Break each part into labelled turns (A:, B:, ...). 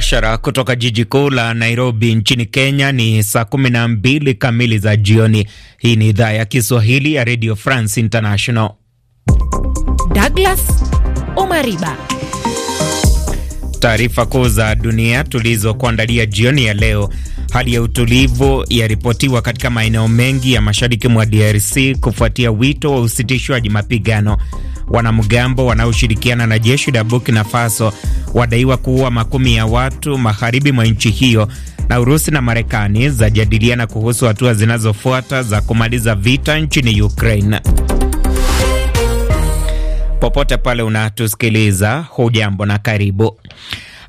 A: mubashara kutoka jiji kuu la Nairobi nchini Kenya. Ni saa kumi na mbili kamili za jioni. Hii ni idhaa ya Kiswahili ya Radio France International. Douglas Omariba, taarifa kuu za dunia tulizokuandalia jioni ya leo. Hali ya utulivu yaripotiwa katika maeneo mengi ya mashariki mwa DRC kufuatia wito wa usitishwaji mapigano. Wanamgambo wanaoshirikiana na jeshi la Burkina Faso wadaiwa kuua makumi ya watu magharibi mwa nchi hiyo, na Urusi na Marekani zajadiliana kuhusu hatua zinazofuata za kumaliza vita nchini Ukraine. Popote pale unatusikiliza, hujambo na karibu.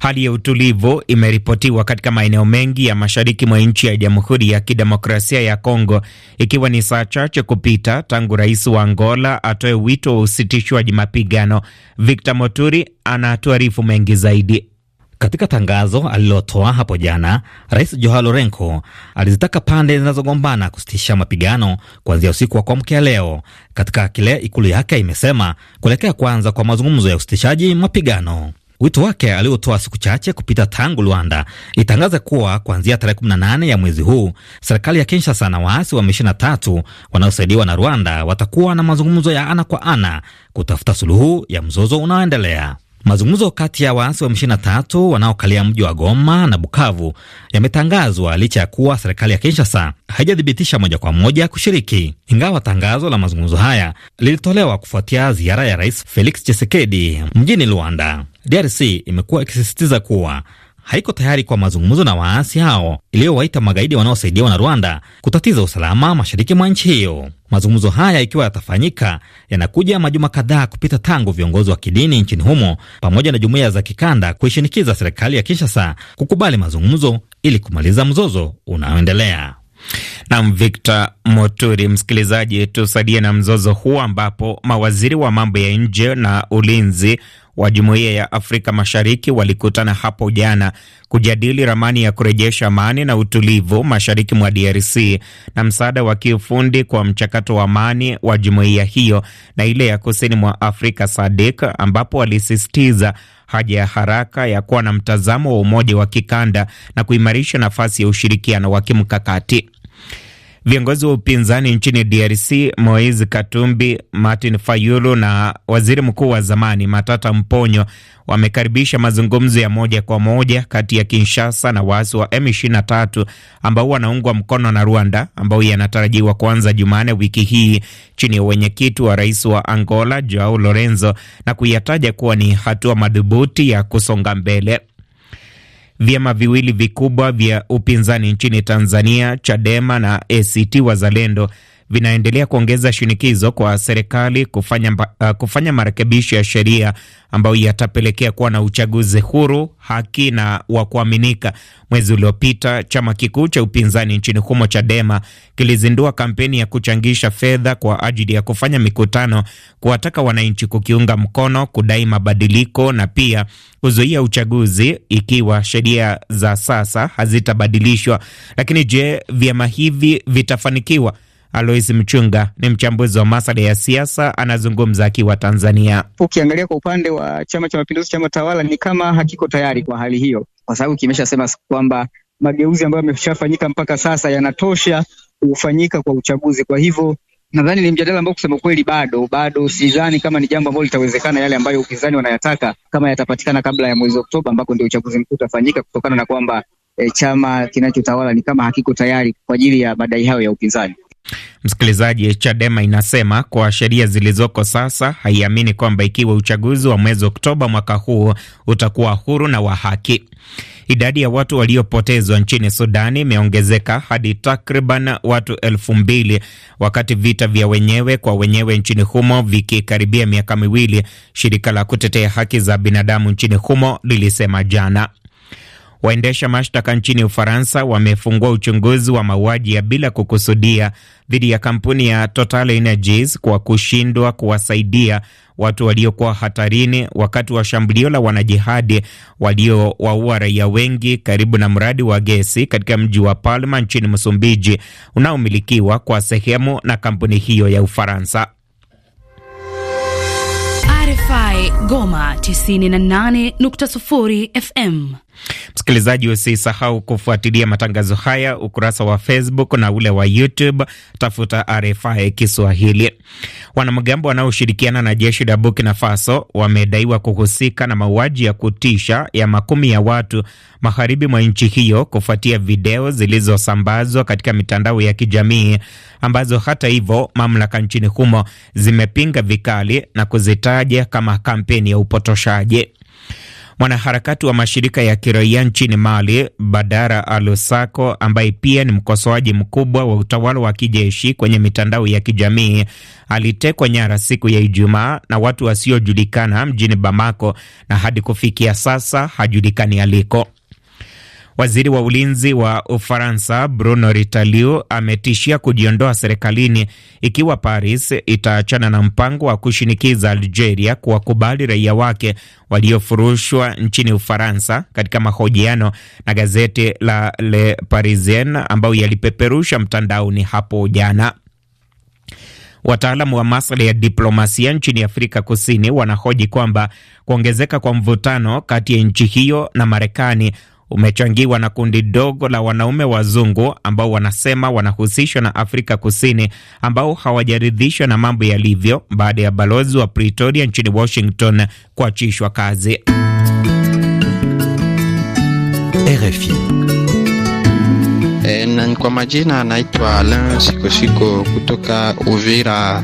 A: Hali ya utulivu imeripotiwa katika maeneo mengi ya mashariki mwa nchi ya Jamhuri ya Kidemokrasia ya Kongo, ikiwa ni saa chache kupita tangu rais wa Angola atoe wito wa usitishwaji
B: mapigano. Victor Moturi anatuarifu mengi zaidi. Katika tangazo alilotoa hapo jana, Rais Joao Lourenco alizitaka pande zinazogombana kusitisha mapigano kuanzia usiku wa kuamkia leo, katika kile ikulu yake imesema kuelekea kuanza kwa mazungumzo ya usitishaji mapigano wito wake aliotoa siku chache kupita tangu Rwanda itangaza kuwa kuanzia tarehe 18 ya mwezi huu serikali ya Kinshasa na waasi wa M23 wanaosaidiwa na Rwanda watakuwa na mazungumzo ya ana kwa ana kutafuta suluhu ya mzozo unaoendelea. Mazungumzo kati ya waasi wa M23 wanaokalia mji wa Goma na Bukavu yametangazwa licha ya kuwa serikali ya Kinshasa haijathibitisha moja kwa moja kushiriki, ingawa tangazo la mazungumzo haya lilitolewa kufuatia ziara ya Rais Felix Tshisekedi mjini Luanda. DRC imekuwa ikisisitiza kuwa haiko tayari kwa mazungumzo na waasi hao iliyowaita magaidi wanaosaidiwa na Rwanda kutatiza usalama mashariki mwa nchi hiyo. Mazungumzo haya ikiwa yatafanyika, yanakuja majuma kadhaa kupita tangu viongozi wa kidini nchini humo pamoja na jumuiya za kikanda kuishinikiza serikali ya Kinshasa kukubali mazungumzo ili kumaliza mzozo unaoendelea. Nam Victor
A: Moturi. Msikilizaji, tusaidie na mzozo huu ambapo mawaziri wa mambo ya nje na ulinzi wa Jumuiya ya Afrika Mashariki walikutana hapo jana kujadili ramani ya kurejesha amani na utulivu mashariki mwa DRC na msaada wa kiufundi kwa mchakato wa amani wa jumuiya hiyo na ile ya kusini mwa Afrika SADC ambapo walisisitiza haja ya haraka ya kuwa na mtazamo wa umoja wa kikanda na kuimarisha nafasi ya ushirikiano wa kimkakati. Viongozi wa upinzani nchini DRC Moise Katumbi, Martin Fayulu na waziri mkuu wa zamani Matata Mponyo wamekaribisha mazungumzo ya moja kwa moja kati ya Kinshasa na waasi wa M23 ambao wanaungwa mkono na Rwanda, ambao yanatarajiwa kuanza Jumanne wiki hii chini ya wenyekiti wa rais wa Angola Joao Lorenzo, na kuyataja kuwa ni hatua madhubuti ya kusonga mbele vyama viwili vikubwa vya upinzani nchini Tanzania, Chadema na ACT Wazalendo vinaendelea kuongeza shinikizo kwa serikali kufanya, uh, kufanya marekebisho ya sheria ambayo yatapelekea kuwa na uchaguzi huru, haki na wa kuaminika. Mwezi uliopita chama kikuu cha upinzani nchini humo Chadema kilizindua kampeni ya kuchangisha fedha kwa ajili ya kufanya mikutano, kuwataka wananchi kukiunga mkono, kudai mabadiliko na pia kuzuia uchaguzi ikiwa sheria za sasa hazitabadilishwa. Lakini je, vyama hivi vitafanikiwa? Alois Mchunga ni mchambuzi wa masuala ya siasa, anazungumza akiwa Tanzania.
B: Ukiangalia kwa upande wa Chama cha Mapinduzi, chama tawala, ni kama hakiko tayari kwa hali hiyo, kwa sababu kimeshasema kwamba mageuzi ambayo yameshafanyika mpaka sasa yanatosha kufanyika kwa uchaguzi. Kwa hivyo nadhani ni mjadala ambao kusema kweli bado bado, sidhani kama ni jambo ambalo litawezekana, yale ambayo upinzani wanayataka kama yatapatikana kabla ya mwezi Oktoba, ambako ndio uchaguzi mkuu utafanyika, kutokana
A: na kwamba e, chama kinachotawala ni kama hakiko tayari kwa ajili ya madai hayo ya upinzani. Msikilizaji, Chadema inasema kwa sheria zilizoko sasa haiamini kwamba ikiwa uchaguzi wa mwezi Oktoba mwaka huu utakuwa huru na wa haki. Idadi ya watu waliopotezwa nchini Sudani imeongezeka hadi takriban watu elfu mbili wakati vita vya wenyewe kwa wenyewe nchini humo vikikaribia miaka miwili, shirika la kutetea haki za binadamu nchini humo lilisema jana. Waendesha mashtaka nchini Ufaransa wamefungua uchunguzi wa mauaji ya bila kukusudia dhidi ya kampuni ya Total Energies kwa kushindwa kuwasaidia watu waliokuwa hatarini wakati wa shambulio la wanajihadi waliowaua raia wengi karibu na mradi wa gesi katika mji wa Palma nchini Msumbiji unaomilikiwa kwa sehemu na kampuni hiyo ya Ufaransa.
B: RFI Goma 98.0 FM
A: Msikilizaji, usisahau kufuatilia matangazo haya ukurasa wa Facebook na ule wa YouTube, tafuta RFI Kiswahili. Wanamgambo wanaoshirikiana na jeshi la Burkina Faso wamedaiwa kuhusika na mauaji ya kutisha ya makumi ya watu magharibi mwa nchi hiyo kufuatia video zilizosambazwa katika mitandao ya kijamii ambazo hata hivyo mamlaka nchini humo zimepinga vikali na kuzitaja kama kampeni ya upotoshaji. Mwanaharakati wa mashirika ya kiraia nchini Mali, Badara Alusako, ambaye pia ni mkosoaji mkubwa wa utawala wa kijeshi kwenye mitandao ya kijamii, alitekwa nyara siku ya Ijumaa na watu wasiojulikana mjini Bamako, na hadi kufikia sasa hajulikani aliko. Waziri wa ulinzi wa Ufaransa Bruno Ritalio ametishia kujiondoa serikalini ikiwa Paris itaachana na mpango wa kushinikiza Algeria kuwakubali raia wake waliofurushwa nchini Ufaransa. Katika mahojiano na gazeti la Le Parisien ambayo yalipeperusha mtandaoni hapo jana, Wataalamu wa masuala ya diplomasia nchini Afrika Kusini wanahoji kwamba kuongezeka kwa mvutano kati ya nchi hiyo na Marekani umechangiwa na kundi dogo la wanaume wazungu ambao wanasema wanahusishwa na Afrika Kusini ambao hawajaridhishwa na mambo yalivyo baada ya balozi wa Pretoria nchini Washington kuachishwa kazi.
B: RFI. E, eh, kwa majina anaitwa Alain Sikosiko kutoka Uvira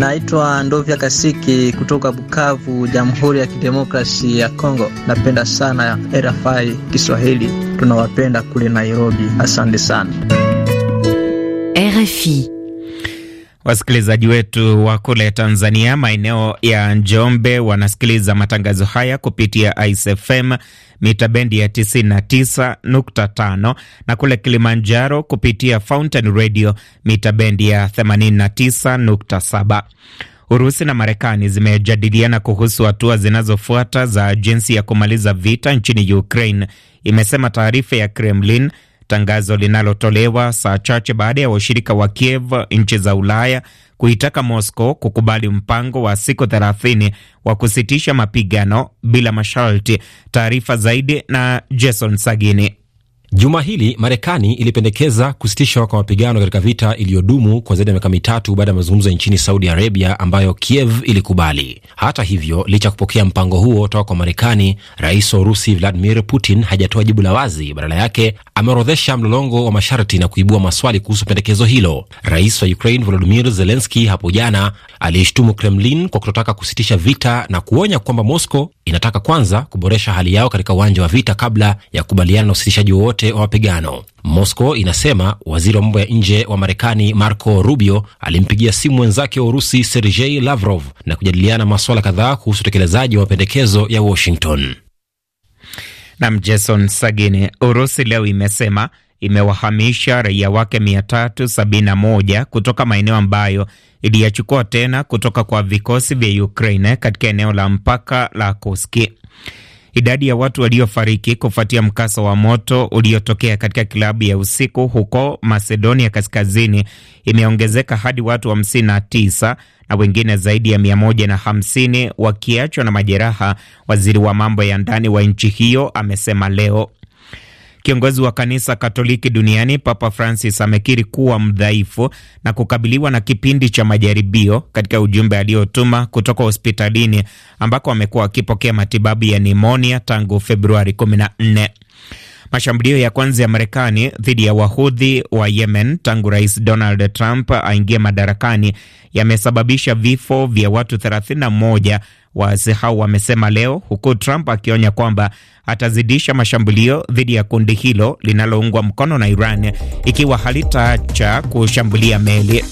B: Naitwa Ndovya Kasiki kutoka Bukavu, Jamhuri ya Kidemokrasi ya Kongo. Napenda sana RFI Kiswahili, tunawapenda kule Nairobi. Asante sana RFI.
A: Wasikilizaji wetu wa kule Tanzania, maeneo ya Njombe, wanasikiliza matangazo haya kupitia ICFM mita bendi ya 99.5 na kule Kilimanjaro kupitia Fountain Radio mita bendi ya 89.7. Urusi na Marekani zimejadiliana kuhusu hatua zinazofuata za jinsi ya kumaliza vita nchini Ukraine, imesema taarifa ya Kremlin tangazo linalotolewa saa chache baada ya washirika wa Kiev nchi za Ulaya kuitaka Moscow kukubali mpango wa siku 30 wa kusitisha mapigano bila masharti. Taarifa zaidi na Jason Sagini. Juma hili Marekani ilipendekeza kusitishwa kwa mapigano katika vita iliyodumu kwa zaidi ya miaka mitatu baada ya mazungumzo nchini Saudi Arabia ambayo Kiev ilikubali. Hata hivyo, licha ya kupokea mpango huo toka kwa Marekani, rais wa Urusi Vladimir Putin hajatoa jibu la wazi. Badala yake ameorodhesha mlolongo wa masharti na kuibua maswali kuhusu pendekezo hilo. Rais wa Ukraine Volodimir Zelenski hapo jana aliishtumu Kremlin kwa kutotaka kusitisha vita na kuonya kwamba Moscow inataka kwanza kuboresha hali yao katika uwanja wa vita kabla ya kukubaliana na usitishaji wowote wa mapigano. Moscow inasema waziri wa mambo ya nje wa Marekani Marco Rubio alimpigia simu mwenzake wa Urusi Sergei Lavrov na kujadiliana masuala kadhaa kuhusu utekelezaji wa mapendekezo ya Washington. Nam Jason Sagini. Urusi leo imesema imewahamisha raia wake 371 kutoka maeneo ambayo iliyachukua tena kutoka kwa vikosi vya Ukraine katika eneo la mpaka la Koski. Idadi ya watu waliofariki kufuatia mkasa wa moto uliotokea katika klabu ya usiku huko Macedonia Kaskazini imeongezeka hadi watu 59 wa na wengine zaidi ya 150 wakiachwa na majeraha, waziri wa mambo ya ndani wa nchi hiyo amesema leo. Kiongozi wa kanisa Katoliki duniani Papa Francis amekiri kuwa mdhaifu na kukabiliwa na kipindi cha majaribio katika ujumbe aliotuma kutoka hospitalini ambako amekuwa akipokea matibabu ya nimonia tangu Februari 14. Mashambulio ya kwanza ya Marekani dhidi ya wahudhi wa Yemen tangu Rais Donald Trump aingie madarakani yamesababisha vifo vya watu 31, waasi hao wamesema leo, huku Trump akionya kwamba atazidisha mashambulio dhidi ya kundi hilo linaloungwa mkono na Iran
B: ikiwa halitaacha kushambulia meli.